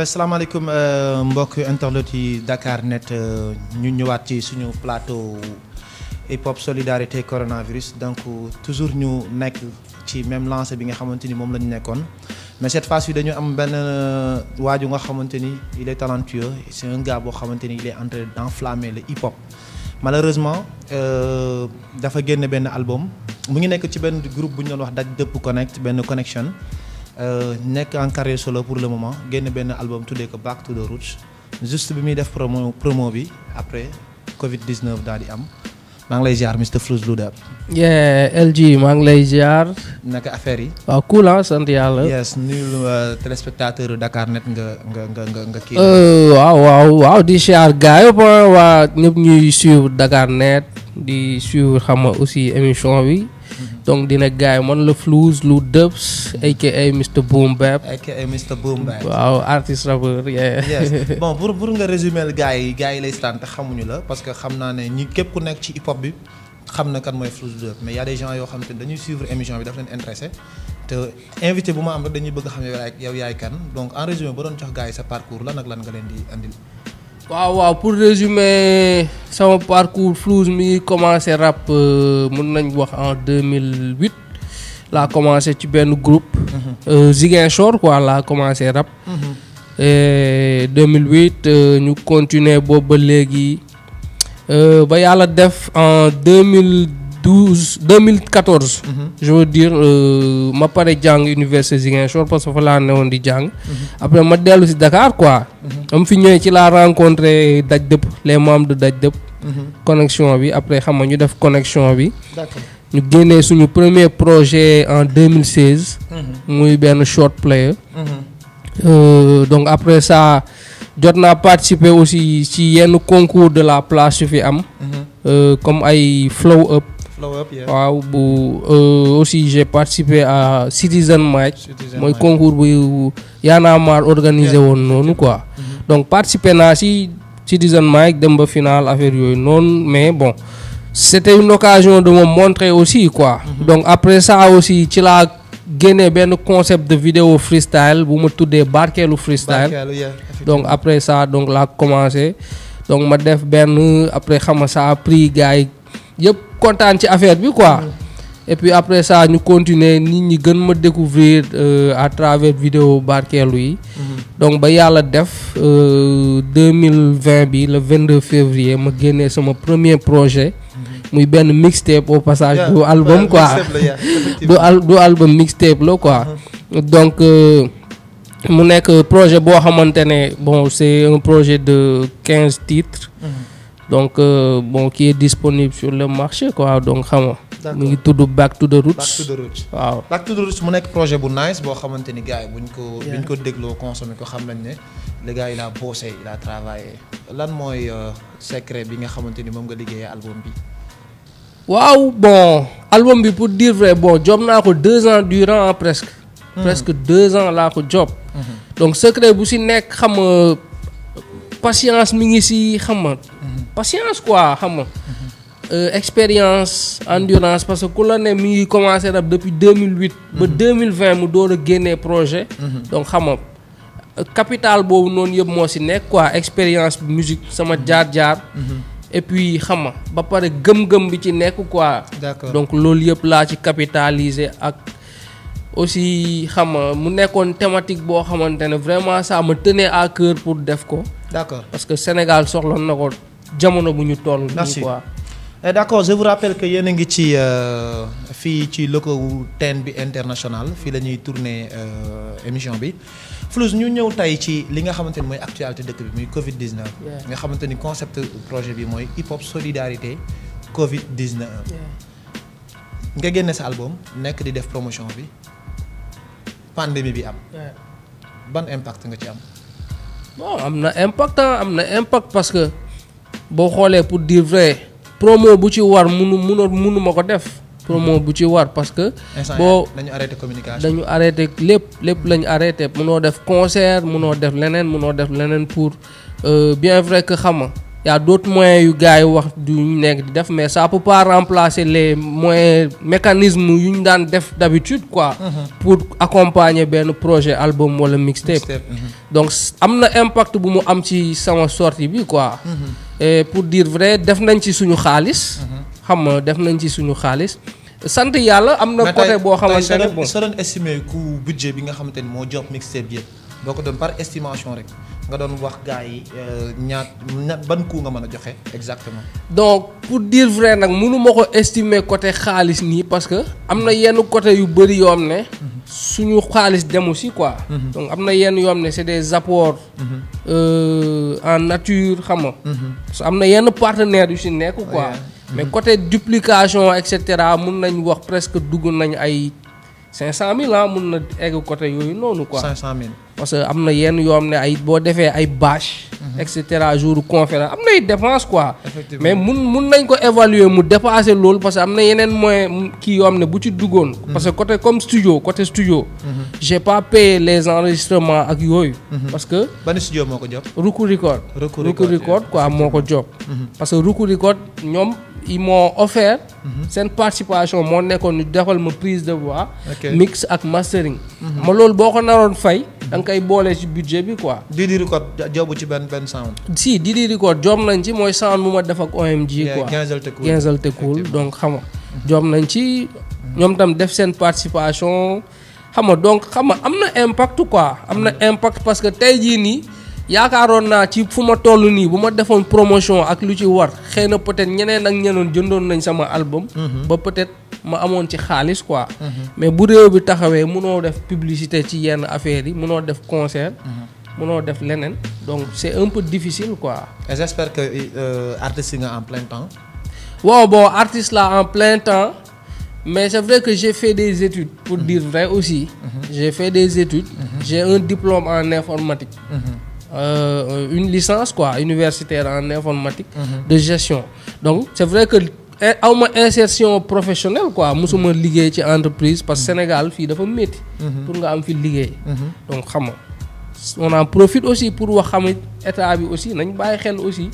salaamaaleykum euh, mbokk internet yi Dakar Net euh, ñu ñëwaat ci suñu plateau hip hop solidarité coronavirus donc toujours ñu nekk ci même lancé bi nga xamante ni moom la ñu nekkoon mais cette phase yi dañu am benn euh, waaju nga xamante ni il est talentueux c'est un boo xamante ni il est en train d'enflammer le hip hop malheureusement dafa génn benn album mu ngi nekk ci benn groupe bu ñu doon wax daj dëpp connect benn connexion Euh, nekk en carrière solo pour le moment génn benn album tuddee ko Back to the Roots bi muy def promo promo bi après Covid 19 daal di am maa ngi lay ziar Mr Frouz Loodab. LG maa ngi lay ziar. naka affaire yi. waaw cool ah sant yàlla. yes nuyu euh, téléspectateur Dakar net nga nga nga nga kii. Euh, waaw waaw di ziar gars yëpp ah, waa ñëpp ñuy suivre Dakar net di suivre xam nga aussi émission bi. donc dina gaay man la Flouze Lou Dubs aka Mr Boom Bap aka Mr Boom Bap waaw artiste rappeur yes bon pour pour nga résumer la gars yi gars yi lay staan te xamuñu la parce que xam naa ne ñi képp ku nekk ci hip hop bi xam na kan mooy Flouze Lou Dubs mais y a des yoo xamante ne dañuy suivre émission bi daf leen intéressé te invité bu ma am rek dañuy bëgg xam yow yaay yow yaay kan donc en résumé ba doon jox gars yi sa parcours la nag lan nga leen di andil waaw waaw pour résumer sama parcours Flouze mi commencé rap euh, mun nañ wax en 2008 laa commencé ci benn groupe. Mhm. Euh, Ziguinchor quoi laa commencé rap. 2008 mhm. euh, ñu continuer boobu ba léegi ba yàlla def en 2000. 12 2014. je veux dire euh, ma pare jàng université Ziguinchor parce que fa laa newoon di jàng. après ma dellu si Dakar quoi. am fi ñëwee ci laa rencontré daj dëpp les membres de daj dëpp. connexion bi après xam nga ñu def connexion bi. ñu génnee suñu premier projet en 2016. muy benn short player. Euh, donc après ça jot naa participer aussi ci yenn concours de la place yu fi am. Mhm. Euh, comme ay flow up. waaw bu euh, aussi j'ai participé à Citizen Match mooy concours bu Y'en a marre woon noonu quoi mm-hmm. donc participer naa si Citizen Match dem ba final affaire yooyu noonu mais bon c'était une occasion de me montrer aussi quoi mm-hmm. donc après ça aussi ci laa génne benn concept de vidéo freestyle bu ma tuddee barkeelu freestyle donc après ça donc laa commencé donc ma def benn après xama ça prix gars yi yëpp kontaan ci affaire bi quoi. et puis après ça ñu continuer nit ñi gën ma découvrir euh, à travers vidéo barkeelu yi. Mm-hmm. donc ba yàlla def euh, deux mille vingt bi le vingt deux février ma génnee sama premier projet. Mm-hmm. muy benn mixtape au passage. du album quoi du al du album mixtape la quoi. Uh-huh. donc euh, mu nekk projet boo xamante ne bon c'est un projet de quinze titres. Mm-hmm. donc euh, bon qui est disponible sur le marché quoi donc xam nga. mu ngi tudd Back to the Roots. waaw. Back to the Roots mu nekk projet bu nice boo xamante ni gars yi buñ ko. buñ ko dégloo consommé ko xam nañ ne. le gars il a bossé il a travaillé lan mooy euh, secret bi nga xamante ni moom nga liggéeyee album bi. waaw bon album bi pour dire vrai bon job naa ko deux ans durant presque. Hmm. presque deux ans laa ko job. Hmm. donc secret bu si nekk xam patience mi ngi si xam nga mhm. patience quoi xam nga mhm. euh, expérience endurance parce que ku la ne mi ngi commencé rab depuis 2008 ba 2020 mhm. mu door a génnee projet donc xam nga capital boobu noonu yëpp moo si nekk quoi expérience musique sama jaar-jaar et puis xam nga ba pare gëm-gëm bi ci nekk quoi d'accord donc loolu yëpp laa ci capitaliser ak aussi xam nga mu nekkoon thématique boo xamante ne vraiment ça me tenait à cœur pour def ko. d'accord parce que Sénégal soxla na ko jamono bu ñu toll. merci quoi. Eh, d'accord je vous rappelle que yéen a ngi ci euh, fii ci lëkkawu teen bi international fii la ñuy tourner euh, émission bi Flooz ñu ñëw tey ci li nga xamante ni mooy actualité dëkk bi muy Covid 19. nga xamante ni concept projet bi mooy hip hop solidarité Covid 19. nga génne sa album nekk di def promotion bi. pandémie bi am. ban impact nga ci am. bon am na impact ah, am na impact parce que boo xoolee pour dire vrai promo bu ci war munu munu munu ma ko def. promo mm-hmm. bu ci war parce que. boo dañu arrêté communication dañu arrêté lépp lépp lañu arrêté munoo def concert munoo def leneen munoo def leneen pour euh, bien vrai que xam y a d'autres moyens yu gars yi wax du ñu nekk di def mais ça peut pas remplacer les moyens mécanismes yu ñu daan def d'habitude quoi. Mhm. pour accompagner benn projet album wala mixtape. Mhm. donc am na impact bu mu am ci sama sortie bi quoi. Mhm. et pour dire vrai def nañ ci suñu xaalis. xam nga def nañ ci suñu xaalis. sant yàlla am na côté boo. xamante ne bon soo doon estimé coût bi nga xamante ni moo jox mixtape yëpp boo ko doon par estimation rek. nga doon wax gars yi euh, ñaat ban coût nga mën a joxe exactement. donc pour dire vrai nag mënu ma ko estimer côté xaalis nii parce que am na yenn côté yu bëri yoo xam ne. suñu xaalis demu si quoi. Mhm. donc am na yenn yoo xam ne des apports. Mhm. Euh, en nature xam nga. Mhm. na yenn partenaires yu si nekk ah, quoi. mais côté duplication et cetera mun nañu wax presque dugg nañu ay cinq cent mille ah mun na egg côté yooyu noonu quoi. mille. parce que am na yenn yoo xam ne ay boo defee ay bâche. Mhm. et jour conférence am nay dépense quoi. mais mun mun nañ ko évaluer mu dépasser loolu parce que am na yeneen moyen kii yoo xam ne bu ci duggoon. Mhm. parce que côté comme studio côté studio. Mhm. j'ai pas payé les enregistrements ak yooyu. parce que ban studio moo ko jox. Ruku Record. Ruku Record quoi moo ko jox. parce que Ruku Record ñoom. ils m'ont offert seen participation moo nekkoon ñu defal ma prise de voix mix ak mastering mhm. ma loolu boo ko naroon fay danga nga koy boolee ci budget bi quoi Didi Record jobu ci benn benn sound si Didi Record joom nañ ci mooy sound mu ma def ak OMG quoi Guinzel te cool donc xam nga joom nañ ci ñoom tam def seen participation xam nga donc xam nga am na impact quoi am na impact parce que tey jii nii yaakaaroon naa ci fu ma toll nii bu ma defoon promotion ak lu ci war xëy na peut-être ñeneen ak ñenoon jëndoon nañ sama album. Mhm. ba peut-être ma amoon ci xaalis quoi. Mhm. mais bu réew bi taxawee munoo def publicité ci yenn affaires yi munoo def concert. Mhm. munoo def leneen donc c'est un peu difficile quoi. et que euh, artiste nga en plein temps. waaw bon artiste la en plein temps. mais c'est vrai que j'ai fait des études pour mmh. dire vrai aussi mmh. des études mmh. j'ai un en informatique euh, une licence quoi universitaire en informatique. Mm -hmm. de gestion donc c' est vrai que eh, aw insertion professionnelle quoi mosuma mhm. liggéey ci entreprise parce que mhm. Sénégal fii dafa métti. Mhm. pour nga am fi liggéey. donc xam nga on profit aussi pour wax xamit état bi aussi nañ bàyyi xel aussi.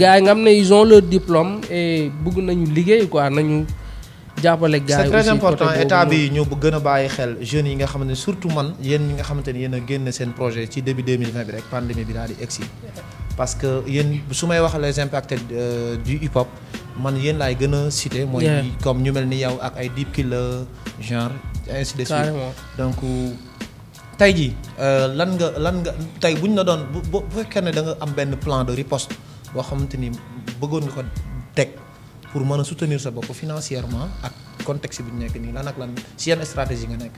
gars yi nga xam ne ils ont leur diplôme et bëgg nañu liggéey quoi nañu. jàppale gars yi c'est très important état bi ñu gën a bàyyi xel jeunes yi nga xamante ne surtout man yéen ñi nga xamante ne yéen génn seen projet ci début 2020 bi rek pandémie bi daal di egsi parce que yéen su may wax les impacts euh, du hip hop man yéen laay gën a cité mooy comme ñu mel ni yow ak ay Deep Killer genre ainsi de suite donc tey jii euh, lan nga lan nga tey buñ la doon bu bu fekkee ne da nga am benn plan de riposte boo xamante ni bëggoon nga ko teg pour mën a soutenir sa bopp financièrement ak contexte bi ñu nekk nii lan ak lan si yan stratégie nga nekk.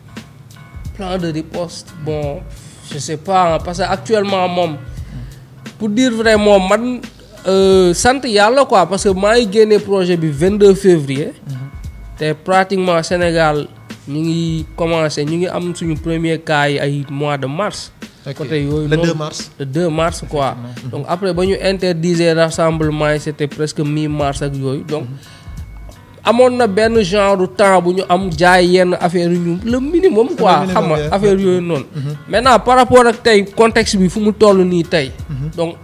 plan de riposte bon je sais pas parce que actuellement moom. pour dire vrai moom man euh, sant yàlla ko parce que maa ngi projet bi 22 février. Mm-hmm. te pratiquement Sénégal ñu ngi commencé ñu ngi am suñu premier cas ay mois de mars. côté yooyu. le 2 mars le 2 mars quoi. donc après ba ñu interdisé rassemblement yi c' était presque mi mars ak yooyu donc. amoon na benn genre temps bu ñu am jaay yenn affaire ñu le minimum quoi xam nga affaire yooyu noonu. Mm-hmm. maintenant par rapport ak tey contexte bi fu mu toll nii tey. Mm-hmm. donc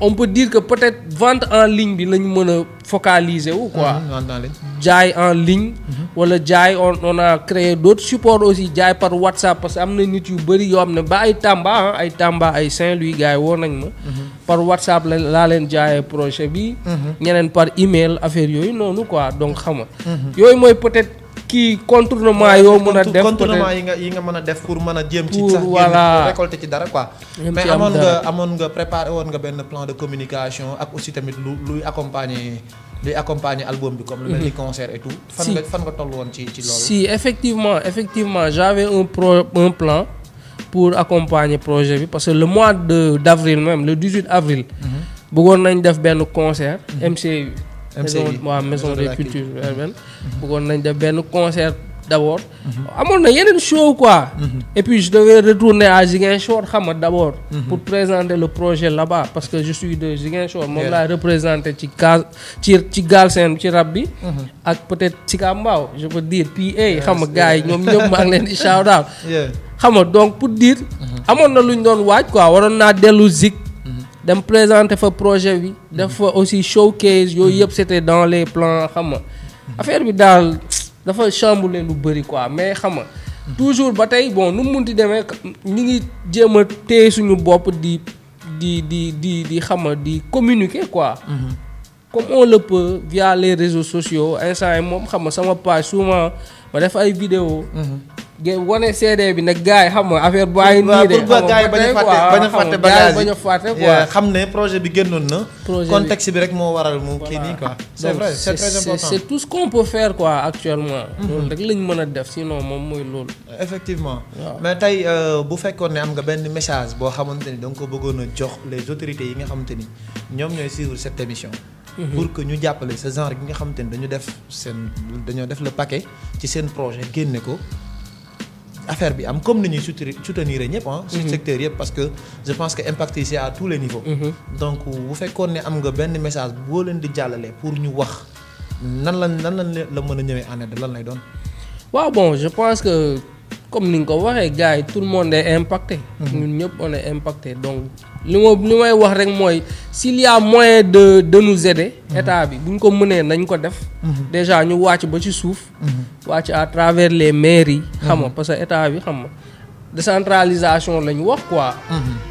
on peut dire que peut-être vent en ligne bi lañu mën a focaliser wu quoi mhm, jaay en ligne mhm. wala jaay on on a créé d'autres supports aussi jaay par WhatsApp parce que am na nit yu bëri yoo xam ne ba ay Tamba ah, ay Tamba ay Saint-Louis gars yi woo nañ ma mhm. par WhatsApp la laa leen jaayee projet bi ñeneen par email affaire yooyu noonu quoi donc xam nga yooyu mooy peut-être kii contournement yoo mën a def yi nga yi nga mën a def pour mën a jéem ci sax voilà récolter ci dara quoi mais amoon nga amoon nga préparé woon nga benn plan de communication ak aussi tamit lu luy accompagner luy accompagner album bi comme lu mel ni mhm. concert et fan nga fan nga woon ci ci loolu si effectivement effectivement j'avais un pro un plan pour accompagner projet bi parce que le mois de d'avril même le 18 avril mhm. bëggoon nañ def benn concert MC mhm. MCI waaw maison des cultures urbaines mhm. bëggoon nañ de benn concert d' abord. Mhm. amoon na yeneen show quoi. Mhm. et puis je devais retourner à Ziguinchor xam nga d' abord. pour présenter le projet là-bas parce que je suis de Ziguinchor moom laa représenté ci gaal ci ci gaal seen ci rab bi. ak peut-être ci Kambaaw je peux dire PA eh, xam nga gars yi ñoom ñëpp maa ngi leen di shout out. xam donc pour dire. amoon na lu ñu doon waaj quoi waroon naa dellu Zig. dem présenter fa projet bi def fa aussi showcase yooyu yëpp c'était dans les plan xam nga affaire bi daal dafa chamboulé lu bëri quoi mais xam nga toujours ba tey bon nu mun munti demee ñu ngi jéem a téye suñu bopp di di di di di xam di communiquer quoi. Mhm. comme on le via les réseaux sociaux instant yi moom xam nga sama page souvent ma def ay vidéo mhm. ngeen wane CD bi nag gars yi xam nga affaire bu ay. nii de ba gars yi bañ a fàtte bañ a fàtte bagage bañ a fàtte quoi. xam ne projet bi génnoon na. projet contexte bi rek moo waral mu kii nii quoi. c' est vrai c' est très important tout ce qu' on actuellement. Mhm. loolu rek lañ mën a def si sinon moom mooy loolu. effectivement mais tey euh, bu fekkoon ne am nga benn message boo xamante ni da nga ko bëggoon a jox les autorités yi nga xamante ni ñoom ñooy suivre cette émission. Mhm. pour que ñu jàppale ce genre gi nga xamante ni dañu def seen dañoo def le paquet ci seen projet génne ko. affaire bi am comme ni ñuy soutenir soutenir ñëpp ah. sur mhm. secteur yëpp parce que je pense que impact yi c'est à tous les niveaux. Mhm. donc bu fekkoon ne am nga benn message boo leen di jàllale pour ñu wax nan la nan lañ la mën a ñëwee en aide lan lay doon. waaw bon je pense que comme ni nga ko waxee gars yi tout le monde est impacté. Mhm. ñun ñëpp on est impacté donc li ma li may wax rek mooy. s'il y moyen de de nous aider. état bi bu ñu ko mënee nañ ko def. déjà ñu wàcc ba ci suuf. wàcc à travers les mairies. xam nga parce que état bi xam nga décentralisation lañ wax quoi.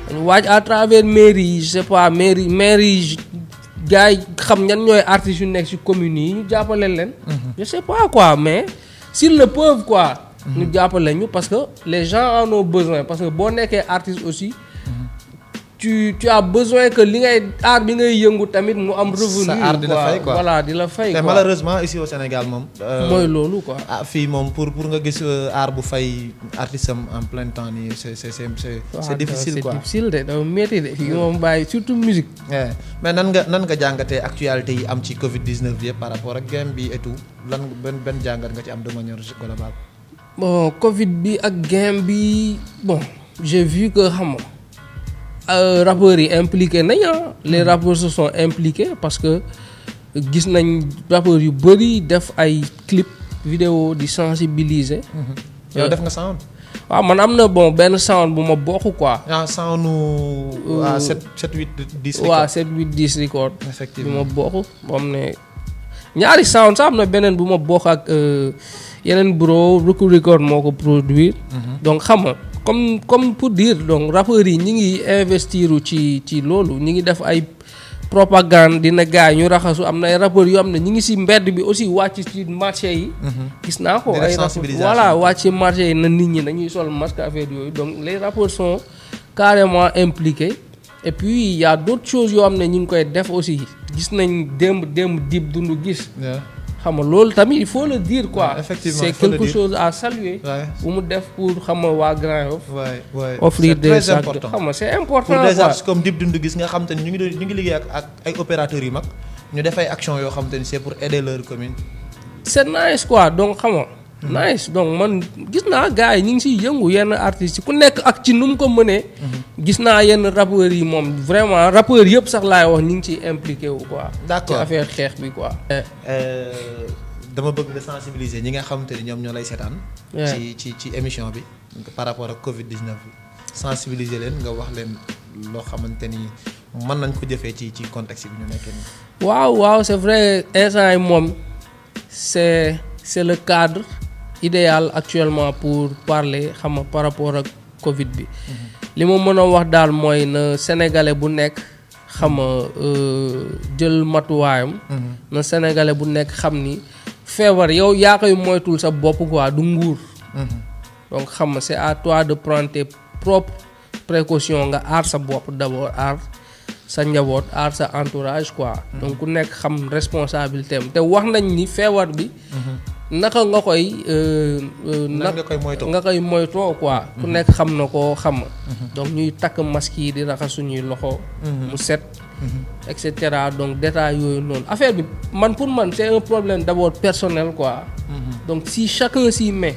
dañu wàcc à travers mairie yi je sais pas mairie mairie gars yi xam ñan ñooy artistes yu nekk ci communes yi ñu jàppale leen. je sais pas quoi mais s'ils le peuvent quoi. ñu jàppale ñu parce que les gens en ont besoin parce que boo nekkee artiste aussi. tu tu as besoin que li ngay aar bi ngay yëngu tamit mu am revenu. sa aar di la fay quoi di la fay. te malheureusement ici au Sénégal moom. Euh, mooy loolu quoi. Ah, fi moom pour pour nga gis euh, aar bu fay artiste am en plein temps nii c'est c'est c'est c'est difficile quoi c'est difficile de dafa métti de. fii moom bàyyi surtout musique. mais nan nga nan nga jàngatee actualité yi am ci Covid 19 bi yëpp par rapport ak game bi et tout lan benn jàngat nga ci am de manière globale. bon Covid bi ak game bi bon j'ai vu que xam Euh, rappeurs yi impliqué nañ ah. les rappeurs se sont parce que gis nañ rappeurs yu bëri def ay clip vidéo di sensibiliser. Mm-hmm. yow euh, def nga sound. waaw man am na bon benn sound bu ma bokk quoi. ah sound nu. Euh, waa 7 7 8 10. waaw 7 8 10 record. effectivement bu ma bokk moom ne. ñaari sound sax am na beneen bu ma bokk ak yeneen bureau Ruku record moo ko produire. Mm-hmm. donc xam comme comme pour dire donc rappeurs yi ñi ngi investir ci ci loolu ñi ngi def ay propagande dina gars ñu raxasu am na ay rappeurs yoo am ne ñi ngi si mbedd bi aussi wàcc ci marché yi. Mhm. gis naa ko ay rappeurs voilà wàcc ci marché yi na nit ñi dañuy sol masque affaire yooyu donc les rappeurs son carrément impliqués et puis il y a yoo xam ne ñu ngi koy def aussi gis nañ démb démb dib dund gis. xam nga loolu tamit il faut le dire quoi. effectivement c'est quelque chose à saluer. bu mu def pour xam nga waa Grand Yoff. waay offrir des sacs xam c'est important. comme Dip Doundou Guiss nga xam te ni ñu ngi doon ñu ngi liggéey ak ay opérateurs yu mag ñu def ay actions yoo xam te ni c'est pour aider leur commune. c'est nice quoi donc xam nga nice donc man gis naa gars yi ñu ngi siy yëngu yenn artistes yi ku nekk ak ci nu mu ko mënee. Mhm. gis naa yenn rappeurs yi moom vraiment rappeurs yëpp sax laay wax ñu ngi ciy impliqué wu quoi. d'accord ci affaire xeex bi quoi. Euh, euh, dama bëgg nga sensibiliser ñi nga xamante ni ñoom ñoo lay seetaan. ci ci ci émission bi. par rapport ak Covid 19 bi. sensibiliser leen nga wax leen loo xamante ni mën nañ ko jëfee ci ci contexte bi ñu nekkee nii. waaw waaw c'est vrai instant yi moom c'est c'est le cadre. idéal actuellement pour parler xam nga par rapport ak Covid bi. li ma mën a wax daal mooy na sénégalais bu nekk xam nga euh, jël matuwaayam. Mhm. na sénégalais bu nekk xam ni feebar yow yaa koy moytul sa bopp quoi du nguur. Mhm. donc xam nga c'est à toi de prendre tes propres précautions nga aar sa bopp d'abord aar. sa njaboot aar sa entourage quoi. Mhm. donc ku nekk xam responsabilité te wax nañ ni feebar bi. naka nga koy. Euh, euh, naka nga koy moytoo nga koy moytoo quoi. ku mhm. nekk xam na ko xam. Mhm. donc ñuy takk masque yi di raxas suñuy loxo. Mhm. mu set. et cetera donc détail yooyu noonu affaire bi man pour man c'est un problème d'abord personnel quoi. donc si chacun si mais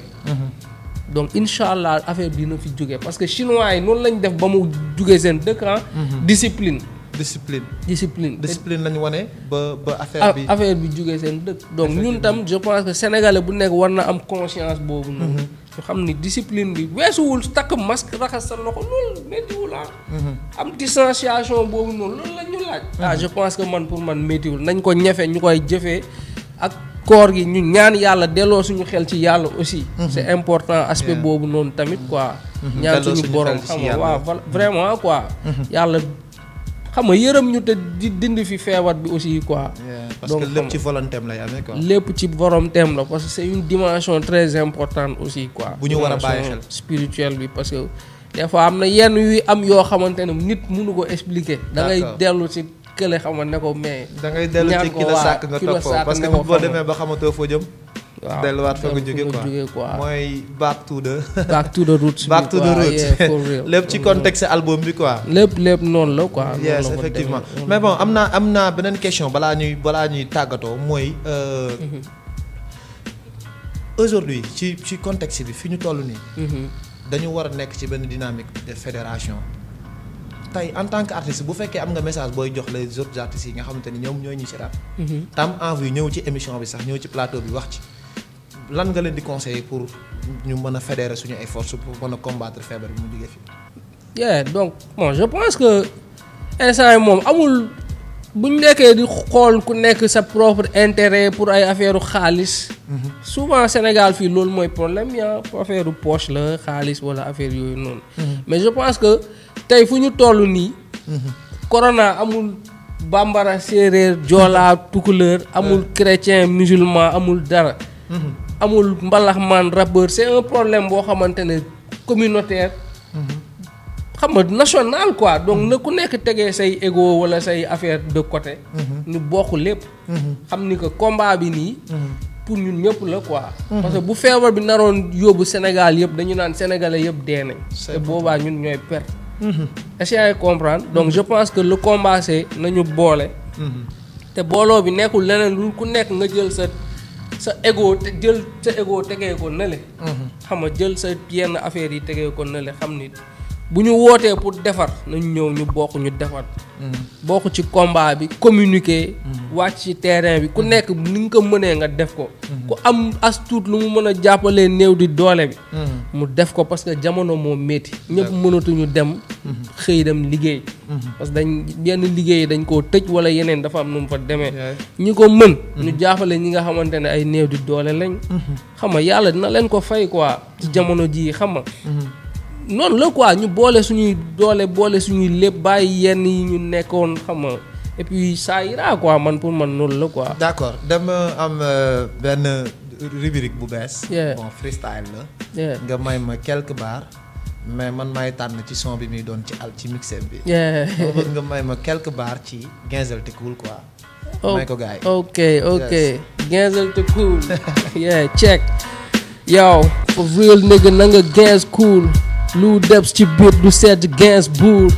donc incha allah affaire bi na fi jógee parce que chinois yi noonu lañu def ba mu jógee seen dëkk ah. discipline. discipline discipline discipline lañ wane ba ba affaire ah, bi affaire bi jugee seen dëkk. donc ñun tam je pense que sénégalais bu nekk war na am conscience boobu noonu. Mm-hmm. ñu xam ni discipline bi weesuwul takk masque raxas sa loxo loolu méttiwul ah. Mm-hmm. am distanciation boobu noonu loolu la ñu laaj. Mm-hmm. ah je pense que man pour man méttiwul nañ ko ñefe ñu koy jëfee ak koor gi ñu ñaan yàlla delloo suñu xel ci yàlla aussi. c'est important aspect boobu noonu tamit quoi. ñaan suñu borom xam yàlla xam nga yërëm ñu te di dindi fi feebar bi aussi quoi. parce que lépp ci volonté am lay amee ci borom thème la parce que c'est une dimension très importante aussi quoi. bu ñu war a bàyyi xel spirituelle bi parce que des am na yenn yuy am yoo xamante ne nit mënu ko expliquer. da ngay dellu ci kële xamal ne ko mais. da ngay dellu ci ki la sàkk nga toppoo parce que boo demee ba xamatoo foo jëm. waaw delluwaat fa nga jóge quoi mooy back to de back to the roots. back to the roots lépp ci contexte album bi quoi. lépp lépp noonu la quoi. yes effectivement mm-hmm. mais bon am naa am naa beneen question balaa ñuy balaa ñuy tàggatoo mooy. Euh, mm-hmm. aujourd'hui ci ci contexte bi fi ñu toll nii. Mm-hmm. dañu war a nekk ci benn dynamique de fédération. tey en tant que artiste bu fekkee am nga message booy jox les autres artistes yi nga xamante ni ñoom ñooy ñu si tam envie ñëw ci émission bi sax ñëw ci plateau bi wax ci. lan nga leen di conseiller pour ñu mën a fédérer suñu ay forces pour mën a combattre feebar bi mu jógee fii. yeah donc bon je pense que instant yi moom amul buñ ñu nekkee di xool ku nekk sa propre intérêt pour ay affaire xaalis. Mhm. souvent Sénégal fii loolu mooy problème yaa affaire poche la xaalis wala affaire yooyu noonu. Mhm. mais je pense que tey fu ñu toll nii. Mhm. corona amul. bambara séeréer joolaa tukulóor amul chrétien musulman amul dara amul mbalaxmaan rappeur c'est un problème boo xamante ne communautaire. xam nga national quoi donc na ku nekk tegee say égo wala say affaire de côté. ñu bokk lépp. xam ni que combat bi nii. pour ñun ñëpp la quoi. parce bu feebar bi naroon yóbbu Sénégal yëpp dañu naan sénégalais yëpp dee nañ. te boobaa ñun ñooy perte. Mhm. est-ce comprendre donc je pense que lu combat nañu boole. Mhm. te booloo bi nekkul leneen lu ku nekk nga jël sa. sa ego te jël sa ego tegee ko nële. Mhm. xam nga jël sa yenn affaires yi tegee ko nële xam ni bu ñu wootee pour defar nañu ñëw ñu bokk ñu defar. Mhm. bokk ci combat bi communiquer. Mhm. wàcc ci terrain bi ku nekk ni nga ko mënee nga def ko. ku am as tuut lu mu mën a jàppalee néew di doole bi. mu def ko parce que jamono moom métti. ñëpp mënatuñu dem. xëy dem liggéey. Mhm. parce que dañ yenn liggéey dañ koo tëj wala yeneen dafa am nu mu fa demee. ñi ko mën. ñu mhm. jaafale ñi nga xamante ne ay néew di doole lañ. Mhm. xam nga yàlla dina leen ko fay quoi. ci jamono jii xam nga. noonu la quoi ñu boole suñuy doole boole suñuy lépp bàyyi yenn yi ñu nekkoon xam nga et puis ça ira quoi man pour man noonu la quoi. d'accord dama am euh, benn rubrique bu bees. bon freestyle la. nga may ma quelques bars. mais man maay tànn ci son bi muy doon ci al ci mixem bi. ma bëgg nga may ma quelque bar ci Ginzel te cool quoi. may ko gars yi ok ok Ginzel te cool. yeah check. yow for real nigga na nga Ginz cool. lu debs ci biir du sedd Ginz buur.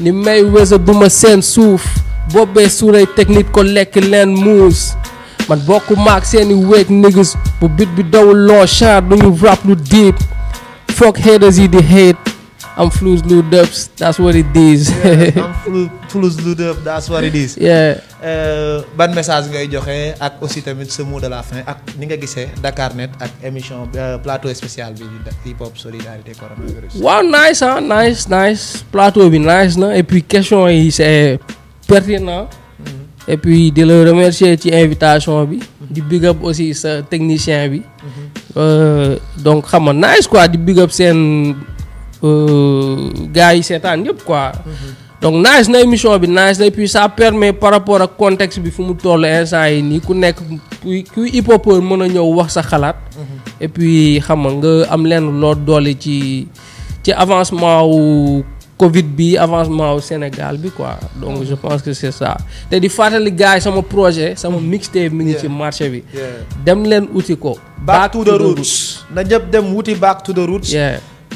ni may wésa du ma seen suuf. boobee suuray technique ko lekk leen muus. man bokk maak seeni wéeg niggas bu bit bi dawul loo char duñu rap lu deep. folk haters you the hate. I'm Flus Ludups, that's what it is. that's what it is. Eh, ban message ngay joxe ak aussi tamit ce mot de la fin ak ni nga gisee Dakar Net ak émission eh, plateau spécial bi hip hop solidarité coronavirus. waaw nice ah nice nice plateau bi nice na et puis question yi c'est pertinent. Mhm. et di la remercier ci invitation bi. di big up aussi sa technicien bi. Mhm. Euh, donc xam nga nice quoi di big up seen euh, gars yi seetaan yëpp quoi. Mhm. donc nice na émission bi nice na et puis permet par rapport ak contexte bi fu mu toll instant yi nii ku nekk kuy kuy mën a ñëw wax sa xalaat. Mhm. et puis xam nga am lenn lool doole ci ci avancement wu. Covid bi avancement au Sénégal bi quoi donc je pense que c' ça te di fàttali gars yi sama projet sama mixtape mi ngi ci marché bi. dem leen wuti ko. back to the roots na ñëpp dem wuti back to the roots.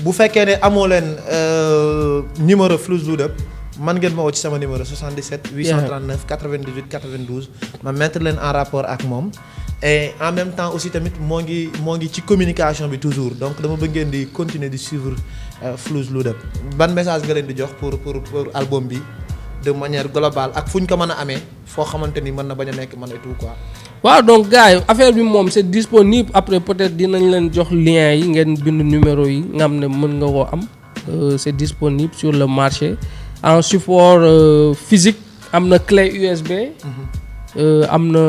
bu fekkee ne amoo leen euh, numéro Flush Do Dep man ngeen ma woo ci sama numéro 77. 839 98 92 ma mettre leen en rapport ak moom. et en même temps aussi tamit moo ngi moo ngi ci communication bi toujours donc dama bëgg ngeen di continuer di suivre. Euh, Flouze Loodab ban message nga leen di jox pour pour pour album bi de manière globale ak fu ñu ko mën a amee foo xamante ni mën na bañ a nekk man et tout quoi. waaw donc gars affaire bi moom c'est disponible après peut-être dinañ leen jox lien yi ngeen bindu numéro yi nga xam ne mën nga koo am. Euh, c'est disponible sur le marché en support euh, physique am na clé USB. Mm-hmm. am na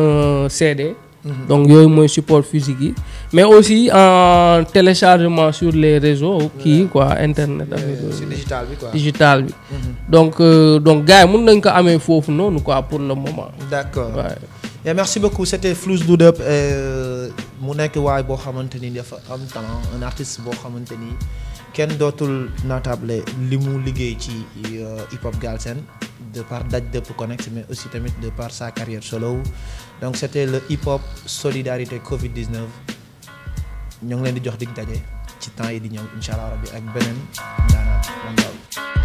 CD. donc yooyu mooy support physique yi mais aussi en téléchargement sur les réseaux kii quoi internet avec digital bi quoi digital bi mm-hmm. donc euh, donc gars yi mun nañ ko amee foofu noonu quoi pour le moment d'accord waaw merci beaucoup c'était Flouze Do Dep mu nekk waay boo xamante ni dafa am talent un artiste boo xamante ni kenn dootul notable li mu liggéey ci euh, hip hop Galsen de par Daj Dëpp Connect mais aussi tamit de par sa carrière solo donc c' était le hip hop solidarité Covid 19 ñoo ngi leen di jox dig daje ci temps yi di ñëw incha allah rabbi ak beneen daanaan